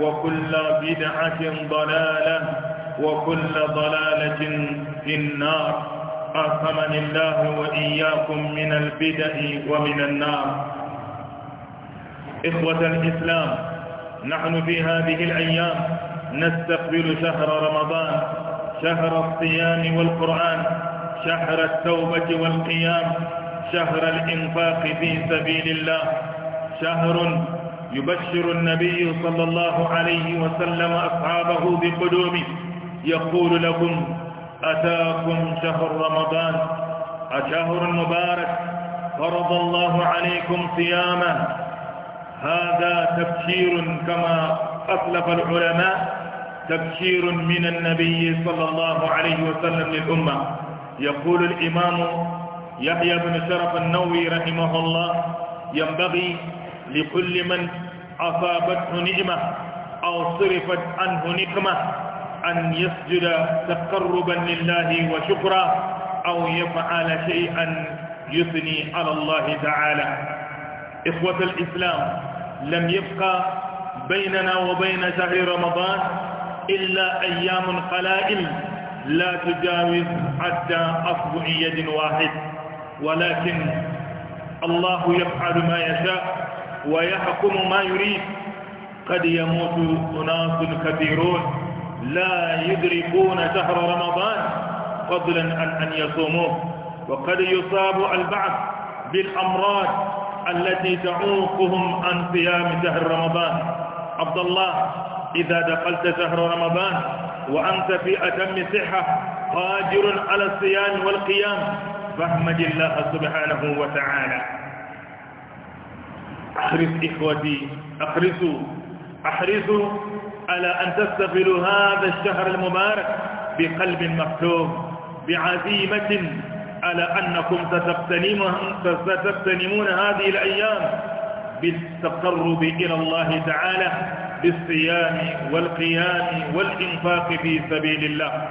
وكل بدعة ضلالة وكل ضلالة في النار أعصمني الله وإياكم من البدع ومن النار إخوة الإسلام نحن في هذه الأيام نستقبل شهر رمضان شهر الصيام والقرآن شهر التوبة والقيام شهر الإنفاق في سبيل الله شهر يبشر النبي صلى الله عليه وسلم أصحابه بقدومه يقول لكم أتاكم شهر رمضان أشهر مبارك فرض الله عليكم صيامه هذا تبشير كما أطلق العلماء تبشير من النبي صلى الله عليه وسلم للأمة يقول الإمام يحيى بن شرف النووي رحمه الله ينبغي لكل من أصابته نعمة أو صرفت عنه نقمة أن يسجد تقربا لله وشكرا أو يفعل شيئا يثني على الله تعالى إخوة الإسلام لم يبقى بيننا وبين شهر رمضان إلا أيام قلائل لا تجاوز حتى أصبع يد واحد ولكن الله يفعل ما يشاء ويحكم ما يريد قد يموت أناس كثيرون لا يدركون شهر رمضان فضلا عن أن يصوموه وقد يصاب البعض بالأمراض التي تعوقهم عن صيام شهر رمضان عبد الله إذا دخلت شهر رمضان وأنت في أتم صحة قادر على الصيام والقيام فاحمد الله سبحانه وتعالى أحرص إخوتي أحرصوا أحرصوا على أن تستقبلوا هذا الشهر المبارك بقلب مفتوح بعزيمة على أنكم ستغتنمون هذه الأيام بالتقرب إلى الله تعالى بالصيام والقيام والإنفاق في سبيل الله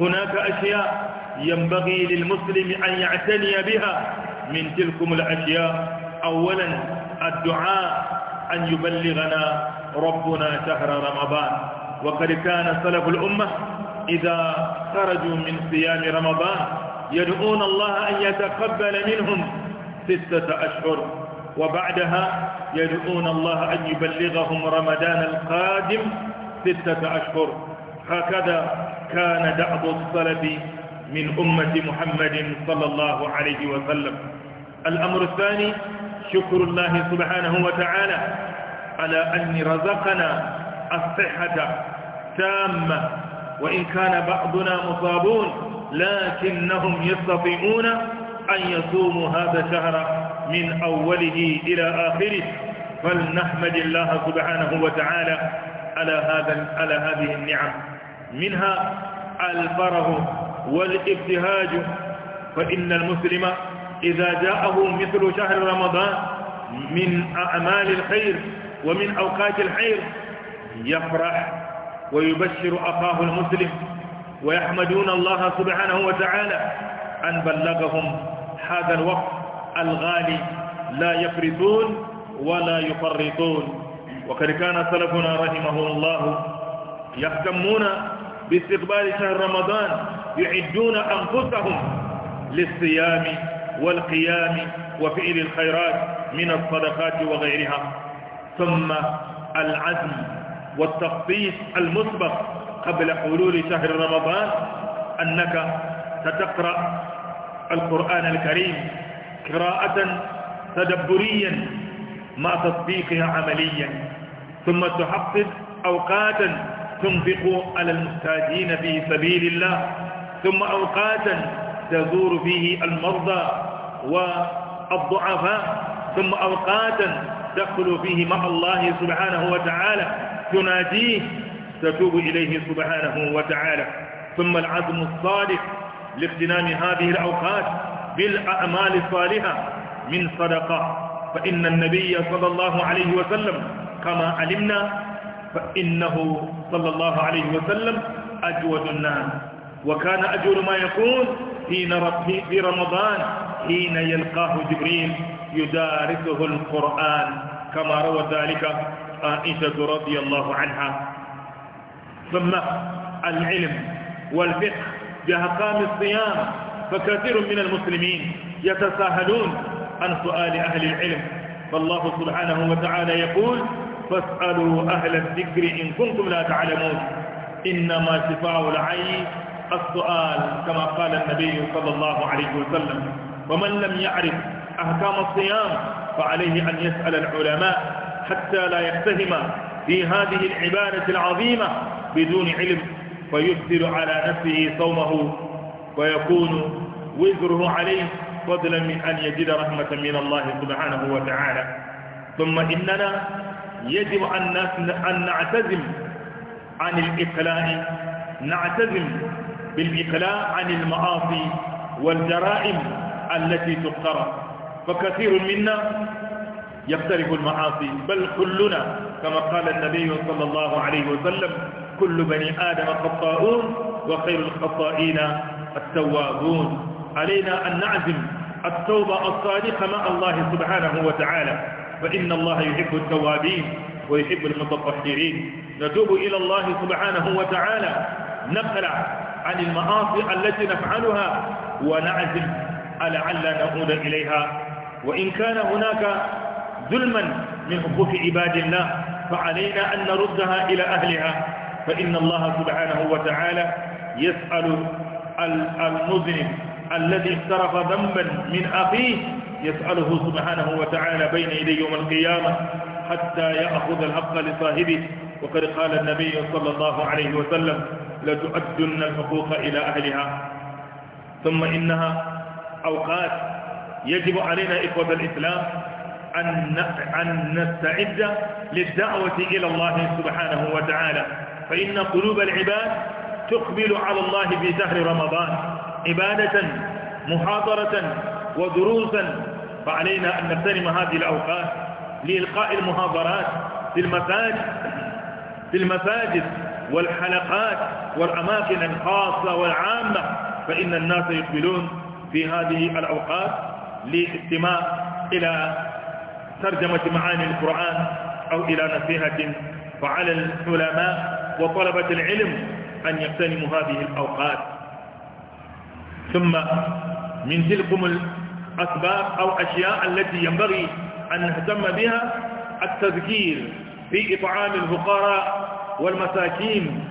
هناك أشياء ينبغي للمسلم أن يعتني بها من تلكم الأشياء أولا الدعاء أن يبلغنا ربنا شهر رمضان وقد كان سلف الأمة إذا خرجوا من صيام رمضان يدعون الله أن يتقبل منهم ستة أشهر وبعدها يدعون الله أن يبلغهم رمضان القادم ستة أشهر هكذا كان دعوة السلف من أمة محمد صلى الله عليه وسلم الأمر الثاني شكر الله سبحانه وتعالى على أن رزقنا الصحة تامة وإن كان بعضنا مصابون لكنهم يستطيعون أن يصوموا هذا الشهر من أوله إلى آخره فلنحمد الله سبحانه وتعالى على هذا على هذه النعم منها الفرح والابتهاج فإن المسلم إذا جاءه مثل شهر رمضان من أعمال الخير ومن أوقات الخير يفرح ويبشر أخاه المسلم ويحمدون الله سبحانه وتعالى أن بلغهم هذا الوقت الغالي لا يفرطون ولا يفرطون وقد كان سلفنا رحمه الله يهتمون باستقبال شهر رمضان يعدون أنفسهم للصيام والقيام وفعل الخيرات من الصدقات وغيرها ثم العزم والتخطيط المسبق قبل حلول شهر رمضان أنك ستقرأ القرآن الكريم قراءة تدبريا مع تطبيقها عمليا ثم تحقق أوقاتا تنفق على المحتاجين في سبيل الله ثم أوقاتا تزور فيه المرضى والضعفاء ثم أوقاتا تدخل فيه مع الله سبحانه وتعالى تناديه تتوب إليه سبحانه وتعالى ثم العزم الصالح لاغتنام هذه الأوقات بالأعمال الصالحة من صدقة فإن النبي صلى الله عليه وسلم كما علمنا فإنه صلى الله عليه وسلم أجود الناس وكان أجود ما يكون في رمضان حين يلقاه جبريل يدارسه القرآن كما روى ذلك عائشة رضي الله عنها ثم العلم والفقه جهقان الصيام فكثير من المسلمين يتساهلون عن سؤال أهل العلم فالله سبحانه وتعالى يقول فاسألوا أهل الذكر إن كنتم لا تعلمون إنما شفاء العين السؤال كما قال النبي صلى الله عليه وسلم ومن لم يعرف أحكام الصيام فعليه أن يسأل العلماء حتى لا يفتهم في هذه العبادة العظيمة بدون علم فيكثر على نفسه صومه ويكون وزره عليه فضلا من أن يجد رحمة من الله سبحانه وتعالى ثم إننا يجب أن نعتزم عن الإقلاء نعتزم بالإقلاء عن المعاصي والجرائم التي تقترف فكثير منا يقترف المعاصي بل كلنا كما قال النبي صلى الله عليه وسلم كل بني آدم خطاؤون وخير الخطائين التوابون علينا أن نعزم التوبة الصادقة مع الله سبحانه وتعالى فإن الله يحب التوابين ويحب المتطهرين نتوب إلى الله سبحانه وتعالى نقلع عن المعاصي التي نفعلها ونعزم لعل نعود إليها وإن كان هناك ظلما من حقوق عباد الله فعلينا أن نردها إلى أهلها فإن الله سبحانه وتعالى يسأل المذنب الذي اقترف ذنبا من أخيه يسأله سبحانه وتعالى بين يدي يوم القيامة حتى يأخذ الحق لصاحبه وقد قال النبي صلى الله عليه وسلم لتؤدن الحقوق إلى أهلها ثم إنها أوقات يجب علينا إخوة الإسلام أن نستعد للدعوة إلى الله سبحانه وتعالى فإن قلوب العباد تقبل على الله في شهر رمضان عبادة محاضرة ودروسا فعلينا أن نغتنم هذه الأوقات لإلقاء المحاضرات في المساجد في المساجد والحلقات والأماكن الخاصة والعامة فإن الناس يقبلون في هذه الأوقات للاستماع إلى ترجمة معاني القرآن أو إلى نصيحة فعلى العلماء وطلبة العلم أن يغتنموا هذه الأوقات ثم من تلكم الأسباب أو أشياء التي ينبغي أن نهتم بها التذكير في إطعام الفقراء والمساكين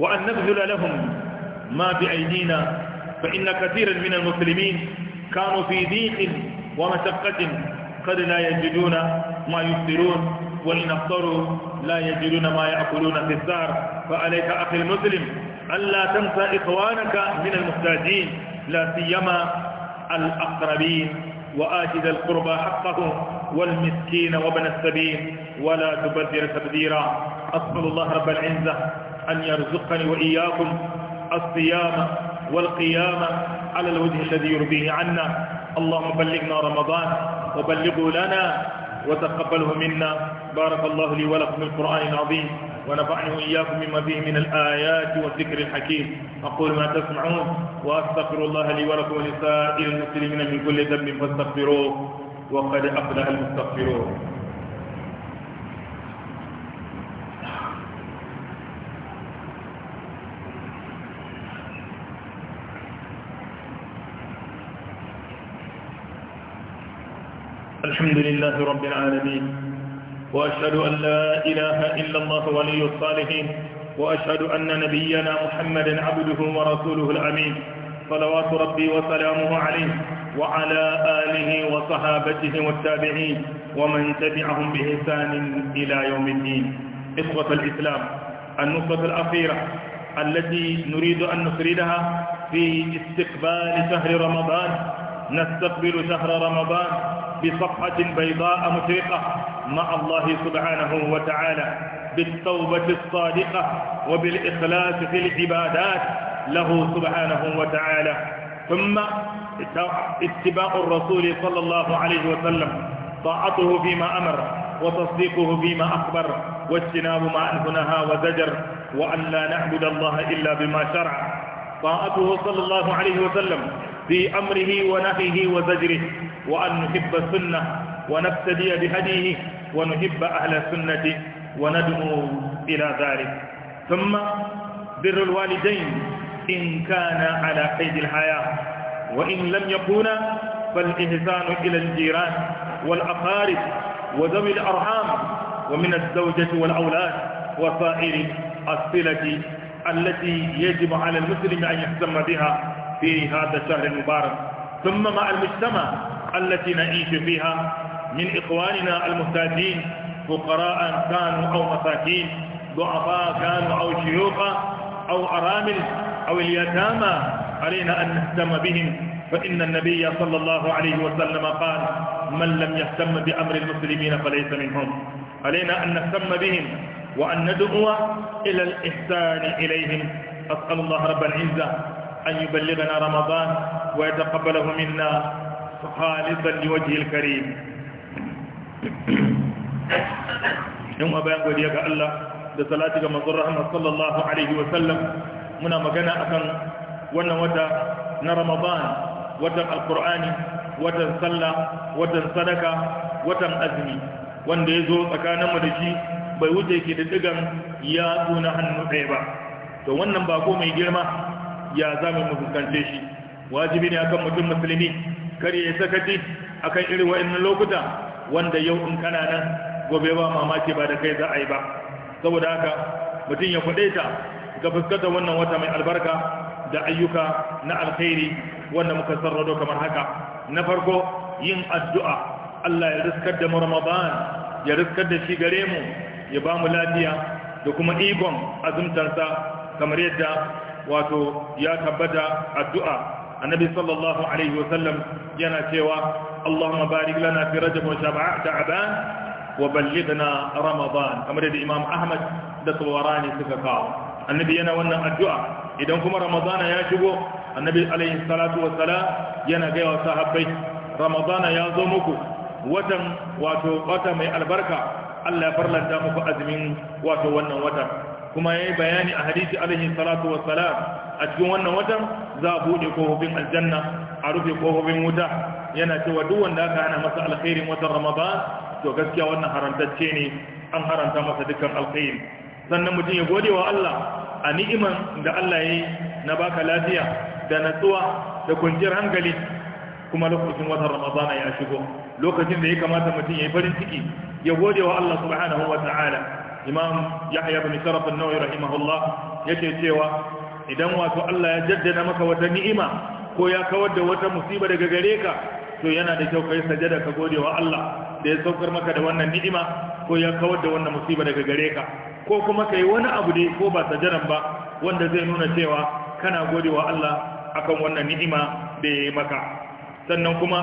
وأن نبذل لهم ما بأيدينا فإن كثيرا من المسلمين كانوا في ضيق ومشقة قد لا يجدون ما يفطرون وإن أفطروا لا يجدون ما يأكلون في الزهر فعليك أخي المسلم ألا تنسى إخوانك من المحتاجين لا سيما الأقربين وآت القربى حقه والمسكين وابن السبيل ولا تبذر تبذيرا أسأل الله رب العزة أن يرزقني وإياكم الصيام والقيام على الوجه الذي يرضيه عنا اللهم بلغنا رمضان وبلغه لنا وتقبله منا بارك الله لي ولكم القرآن العظيم ونفعني وإياكم مما فيه من الآيات والذكر الحكيم أقول ما تسمعون وأستغفر الله لي ولكم ولسائر المسلمين من كل ذنب فاستغفروه وقد أفلح المستغفرون الحمد لله رب العالمين وأشهد أن لا إله إلا الله ولي الصالحين وأشهد أن نبينا محمدا عبده ورسوله الأمين صلوات ربي وسلامه عليه وعلى آله وصحابته والتابعين ومن تبعهم بإحسان إلى يوم الدين إخوة الإسلام النقطة الأخيرة التي نريد أن نفردها في استقبال شهر رمضان نستقبل شهر رمضان بصفحة بيضاء مشرقة مع الله سبحانه وتعالى بالتوبة الصادقة وبالإخلاص في العبادات له سبحانه وتعالى ثم اتباع الرسول صلى الله عليه وسلم طاعته فيما أمر وتصديقه فيما أخبر واجتناب ما أنهى وزجر وأن لا نعبد الله إلا بما شرع طاعته صلى الله عليه وسلم في أمره ونهيه وزجره وأن نحب السنة ونفتدي بهديه ونحب أهل السنة وندعو إلى ذلك ثم بر الوالدين إن كان على قيد الحياة وإن لم يكونا فالإحسان إلى الجيران والأقارب وذوي الأرحام ومن الزوجة والأولاد وسائر الصلة التي يجب على المسلم أن يهتم بها في هذا الشهر المبارك ثم مع المجتمع التي نعيش فيها من إخواننا المحتاجين فقراء كانوا أو مساكين ضعفاء كانوا أو شيوخا أو أرامل أو اليتامى علينا أن نهتم بهم فإن النبي صلى الله عليه وسلم قال من لم يهتم بأمر المسلمين فليس منهم علينا أن نهتم بهم وأن ندعو إلى الإحسان إليهم أسأل الله رب العزة أن يبلغنا رمضان ويتقبله منا خالصا لوجه الكريم يوم أبان وليك الله لصلاتك منظر صلى الله عليه وسلم منا مكان أكن وانا ودا رمضان ودا القرآن ودا صلى ودا صدق ودا أزمي wanda ya zo tsakaninmu da shi bai wuce ke da digan yatsu na hannu ɗaya ba to wannan mai girma ya za mu fuskance shi wajibi ne akan mutum musulmi Kar ya sakati akan irin wa'annan lokuta wanda yau in kana nan gobe ba mamaki ba da kai za a yi ba saboda haka mutum ya kuɗe ta ga fuskantar wannan wata mai albarka da ayyuka na alkhairi wanda muka sarrado kamar haka na farko yin addu'a Allah ya riskar da mu Ramadan ya riskar da shi gare mu ya ba mu lafiya da kuma ikon azumtarsa kamar yadda wato ya tabbata addu'a annabi sallallahu alaihi wasallam yana cewa Allahumma barik lana fi rajab wa sha'ban wa ballighna ramadan kamar da imam ahmad da tawarani suka kawo annabi yana wannan addu'a idan kuma ramadana ya shigo annabi alaihi salatu wassalam yana ga wasu sahabbai ramadana ya zo muku watan wato wata mai albarka Allah ya farlanta muku azumin wato wannan watan kuma ya yi bayani a hadisi alaihi salatu wa salam a cikin wannan watan za a buɗe kofofin aljanna a rufe kofofin wuta yana cewa duk wanda aka hana masa alkhairin watan ramadan to gaskiya wannan harantacce ne an haranta masa dukkan alkhairi sannan mutum ya gode wa Allah a ni'iman da Allah ya yi na baka lafiya da natsuwa da kwanciyar hankali kuma lokacin watan ramadana ya shigo lokacin da ya kamata mutum ya yi farin ciki ya gode wa Allah subhanahu wa ta'ala imam yahya bin sharaf an-nawawi rahimahullah yake cewa idan wato Allah ya jaddada maka wata ni'ima ko ya kawar da wata musiba daga gare ka to yana da kyau kai sajada ka gode wa Allah da ya saukar maka da wannan ni'ima ko ya kawar da wannan musiba daga gare ka ko kuma kai wani abu dai ko ba sajadan ba wanda zai nuna cewa kana gode wa Allah akan wannan ni'ima da ya yi maka sannan kuma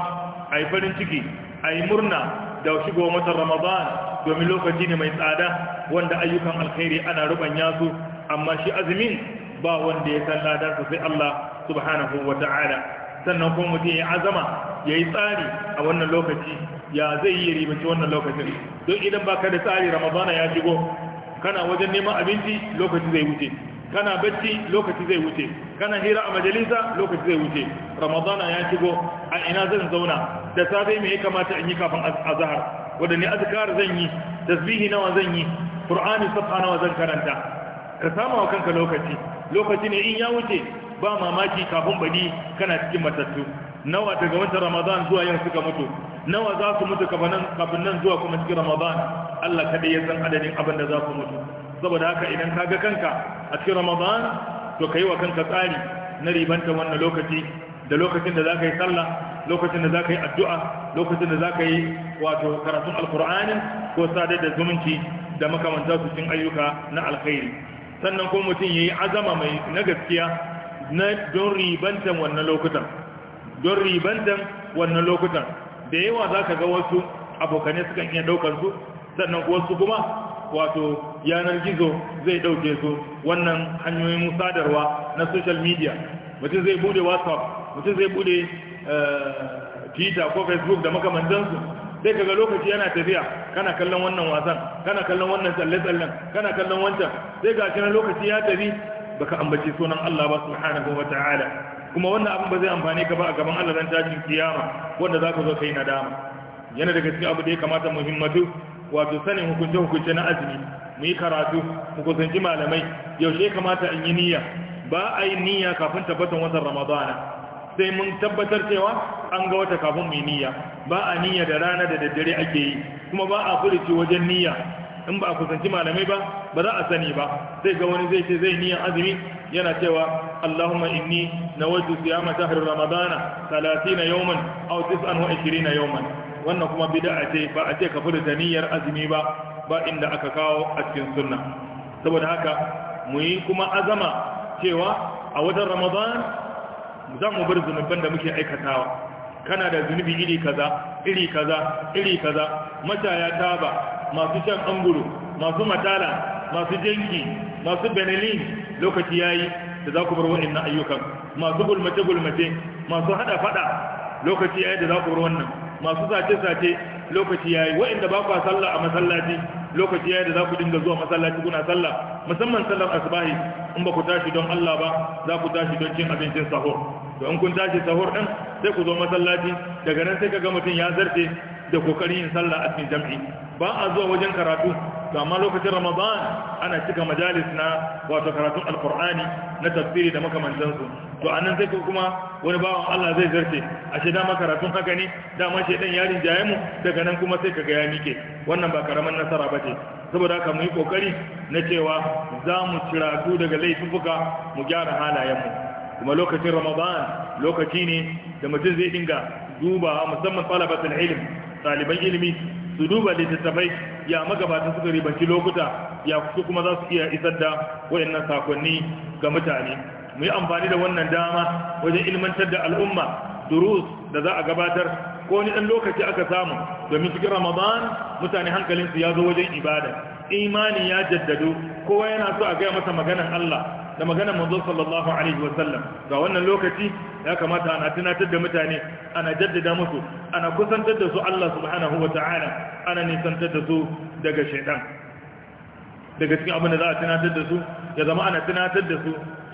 a farin ciki a murna da shigo watan ramadan domin lokaci ne mai tsada wanda ayyukan alkhairi ana rubanya su amma shi azumin ba wanda ya san lada sai Allah subhanahu wa ta'ala sannan kuma mutum ya azama ya yi tsari a wannan lokaci ya zai yi ribanci wannan lokacin don idan baka da tsari ramadana ya shigo kana wajen neman abinci lokaci zai wuce kana bacci lokaci zai wuce kana hira a majalisa lokaci zai wuce ramadana ya shigo a ina zan zauna da safe me ya kamata in yi kafin azhar wadanne azkar zan yi tasbihi nawa zan yi qur'ani safa nawa zan karanta ka sama wa kanka lokaci lokaci ne in ya wuce ba mamaki kafin badi kana cikin matattu nawa daga wata ramadan zuwa yau suka mutu nawa za su mutu kafin nan zuwa kuma cikin ramadan Allah kaɗai ya san adadin abin da za ku mutu saboda haka idan ka ga kanka a cikin ramadan to ka yi wa kanka tsari na ribanta wannan lokaci da lokacin da za ka yi sallah lokacin da za ka yi addu'a lokacin da za ka yi wato karatun alkur'anin ko sadar da zumunci da makamanta su cin ayyuka na alkhairi sannan ko mutum ya yi azama mai na gaskiya na don ribantan wannan lokutan don ribantan wannan lokutan da yawa za ka ga wasu abokane sukan iya ɗaukar su sannan wasu kuma wato yanar gizo zai ɗauke su wannan hanyoyin sadarwa na social media mutum zai bude whatsapp mutum zai bude Eh, twitter ko facebook da makamantansu sai kaga lokaci yana tafiya kana kallon wannan wasan kana kallon wannan tsalle-tsallen kana kallon wancan sai ga kiran lokaci ya tafi baka ambaci sunan Allah ba subhanahu wa ta'ala kuma wannan abin ba zai amfane ka ba a gaban Allah dan tashin kiyama wanda zaka zo kai nadama yana daga cikin abu da ya kamata muhimmatu wato sanin hukunce hukunce na azumi mu yi karatu mu kusanci malamai yaushe kamata in yi niyya ba a yi niyya kafin tabbatar wannan ramadana sai mun tabbatar cewa an ga wata kafin mai niyya ba a niyya da rana da daddare ake yi kuma ba a furici wajen niyya in ba a kusanci malamai ba ba za a sani ba zai ga wani zai ce zai niyan azumi yana cewa Allahumma inni siya mata har ramadana 30 yawman ishiri na yawman wannan kuma bid'a ce ba a ce ka furta niyyar azumi ba ba inda aka kawo a cikin sunna saboda haka mu yi kuma azama cewa a wajen ramadan za mu bar zunuban da muke aikatawa kana da zunubi iri kaza iri kaza iri kaza mashaya taba masu shan anguro masu matala masu jenki masu benelin lokaci yayi da za ku bar wa'annan ayyukan masu gulmace gulmace masu hada fada lokaci yayi da za ku bar wannan masu sace sace lokaci yayi wa'anda ba ku sallah a masallaci lokaci yayin da za ku dinga zuwa masallaci kuna sallah musamman sallar asbahi in ba ku tashi don Allah ba za ku tashi don cin abincin sahur to in kun tashi sahur din sai ku zo masallaci daga nan sai ka ga mutum ya zarce da kokarin yin sallah a cikin jam'i ba a zuwa wajen karatu to amma lokacin ramadan ana cika majalis na wato karatun alkur'ani na tafsiri da makamantansu to anan sai kuma wani bawan Allah zai zarce ashe dama karatun haka ne dama dan yarin jaye mu daga nan kuma sai kaga ya mike wannan ba karaman nasara bace saboda haka mu yi kokari na cewa za mu ciratu daga laifuka mu gyara mu. kuma lokacin ramadan lokaci ne da mutum zai dinga dubawa musamman talabatul ilm ɗaliban ilimi su duba littattafai ya magabatan suka ribanci lokuta ya su kuma za su iya isar da wayannan sakonni ga mutane mu yi amfani da wannan dama wajen ilmantar da al'umma durus da za a gabatar ko wani ɗan lokaci aka samu domin cikin ramadan mutane hankalinsu ya zo wajen ibada imani ya jaddado kowa yana so a gaya masa maganan allah da maganar manzo sallallahu alaihi wa sallam ga wannan lokaci ya kamata ana tunatar da mutane ana jaddada musu ana kusantar da su Allah subhanahu wa ana nisantar da su daga shaitan daga cikin abin da za a tunatar da su ya zama ana tunatar da su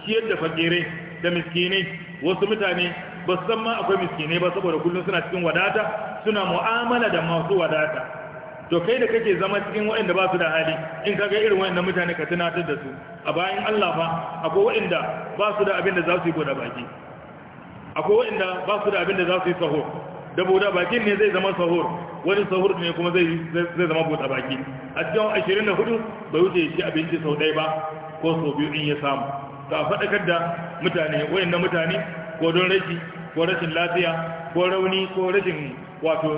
shi yadda fakirai da miskinai wasu mutane ba san ma akwai miskinai ba saboda kullum suna cikin wadata suna mu'amala da masu wadata to kai da kake zama cikin waɗanda ba su da hali in kaga irin waɗanda mutane ka tunatar da su a bayan Allah fa akwai waɗanda ba su da abin da za su yi goda baki akwai waɗanda ba su da abin da za su yi sahur da goda baki ne zai zama sahur wani sahur ne kuma zai zai zama goda baki a cikin 24 bai wuce shi abinci sau ɗaya ba ko sau biyu in ya samu ta faɗakar da mutane waɗanda mutane ko don rashi ko rashin lafiya ko rauni ko rashin wato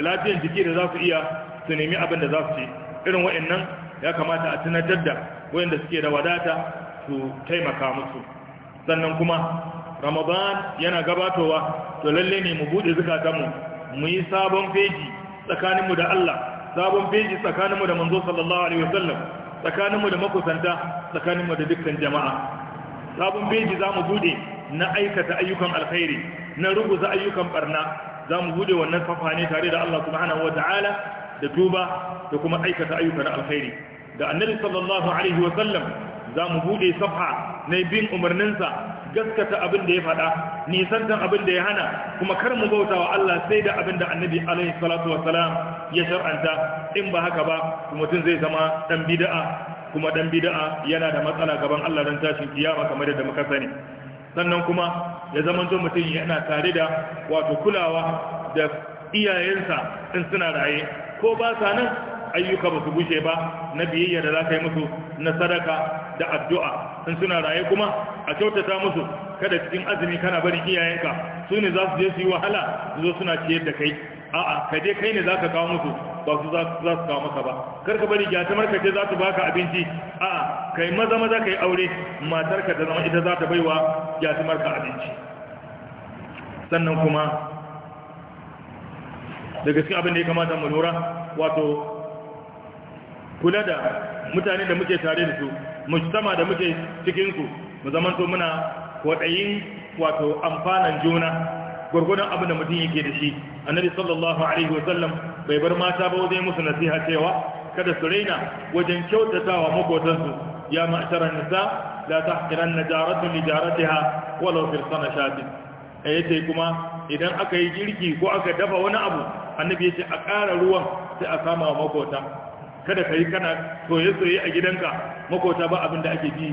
lafiyan jiki da za su iya su nemi abin da za su ci irin wa'annan ya kamata a tunatar da wa'anda suke da wadata su taimaka musu sannan kuma ramadan yana gabatowa to lalle ne mu bude zukatanmu mu yi sabon feji tsakaninmu da Allah sabon feji tsakaninmu da manzo sallallahu alaihi wasallam tsakaninmu da makusanta tsakaninmu da dukkan jama'a sabon feji za mu bude na aikata ayyukan alkhairi na rubuta ayyukan barna zamu mu bude wannan safa ne tare da Allah subhanahu wa ta'ala da tuba da kuma aikata ayyuka na alkhairi da annabi sallallahu alaihi wa sallam za mu bude safha na bin umarninsa gaskata abin da ya faɗa nisantan abin da ya hana kuma kar mu bauta wa Allah sai da abin da annabi alaihi salatu wasalam ya shar'anta in ba haka ba mutum zai zama dan bid'a kuma dan bid'a yana da matsala gaban Allah dan tashin kiyama kamar yadda muka sani sannan kuma ya zama zo mutum yana tare da wato kulawa da iyayensa in suna raye ko ba sa nan ayyuka ba su gushe ba na biyayya da za ka yi musu na sadaka da addu'a sun suna raye kuma a kyautata musu kada cikin azumi kana barin iyayenka su ne za su je su yi wahala su zo suna ciyar da kai a'a ka je kai ne za ka kawo musu ba su za su kawo maka ba kar ka bari gyatamar ka ce za su baka abinci a'a kai maza maza ka yi aure ka da zama ita za ta baiwa gyatamar ka abinci sannan kuma daga cikin abin da ya kamata mu lura wato kula da mutane da muke tare da su mujtama da muke cikin ku mu zaman to muna kwadayin wato amfanan juna gurgurdan abin da mutum yake da shi annabi sallallahu alaihi wasallam bai bar mata ba wajen musu nasiha cewa kada su raina wajen kyautatawa makotansu ya ma'ashara nisa la tahqiranna jaratun li jaratiha walau fil sanashati ayace kuma idan aka yi girki ko aka dafa wani abu annabi ya ce a ƙara ruwan sai a sama wa makota kada ka yi kana soye-soye a gidanka makota ba abin da ake ji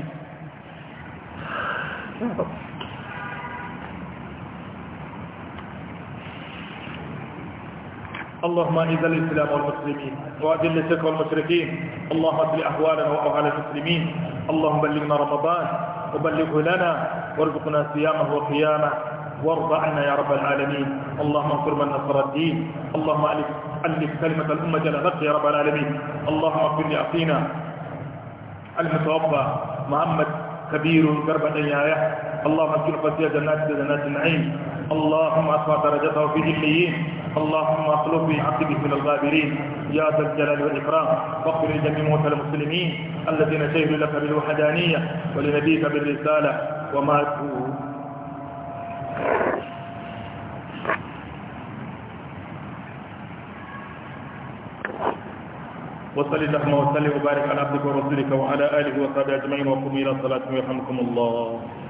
اللهم اعز الاسلام والمسلمين واذل الشرك والمشركين اللهم اصلح احوالنا واحوال المسلمين اللهم بلغنا رمضان وبلغه لنا وارزقنا صيامه وقيامه وارض عنا يا رب العالمين اللهم انصر من نصر الدين اللهم ألف كلمة الأمة جل يا رب العالمين اللهم اغفر لأخينا المتوفى محمد كبير كربة يايح اللهم اسكنه فسيا جنات جنات النعيم اللهم ارفع درجته في الحيين اللهم اخلف في عقبه من الغابرين يا ذا الجلال والاكرام واغفر لجميع موتى المسلمين الذين شهدوا لك بالوحدانيه ولنبيك بالرساله وماتوا وصل اللهم وسلم وبارك على عبدك ورسولك وعلى اله وصحبه اجمعين وقوموا الى صلاتكم يرحمكم الله